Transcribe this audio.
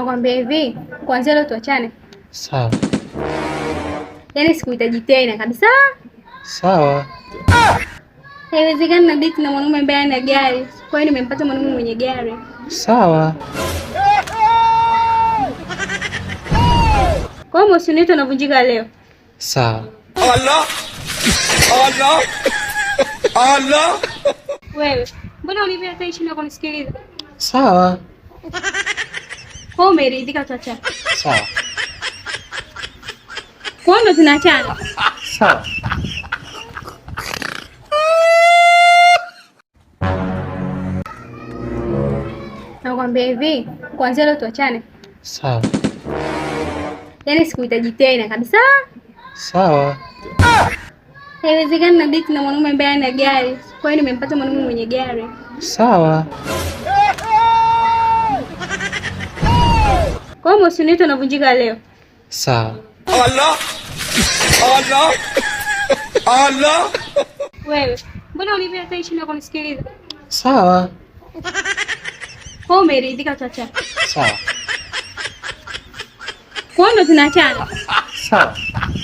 Nakwambia hivi, kwanza leo tuachane. Sawa. Yaani sikuhitaji tena kabisa. Sawa. Haiwezekani na date na mwanaume ambaye ana gari. Kwa hiyo nimempata mwanaume mwenye gari. Sawa. Kwa hiyo mahusiano yetu yanavunjika leo. Sawa. Allah. Allah. Allah. Wewe, mbona ulivyoacha hata kunisikiliza? Sawa. Umeridhika tuachane. Sawa. Kwa nini tunaachana? Sawa. Nakwambia hivi, kuanzia leo tuachane. Sawa. Yaani sikuhitaji tena kabisa. Sawa. Haiwezekani na date na mwanaume ambaye ana gari. Kwa hiyo nimempata mwanaume mwenye gari. Sawa. kama usiniite navunjika leo. Sawa. Allah. Allah. Allah. Wewe, mbona ulivyoata ishi na kunisikiliza? Sawa. Kwa umeridhika chacha. Sawa. Kwa ndo tunaachana. Sawa.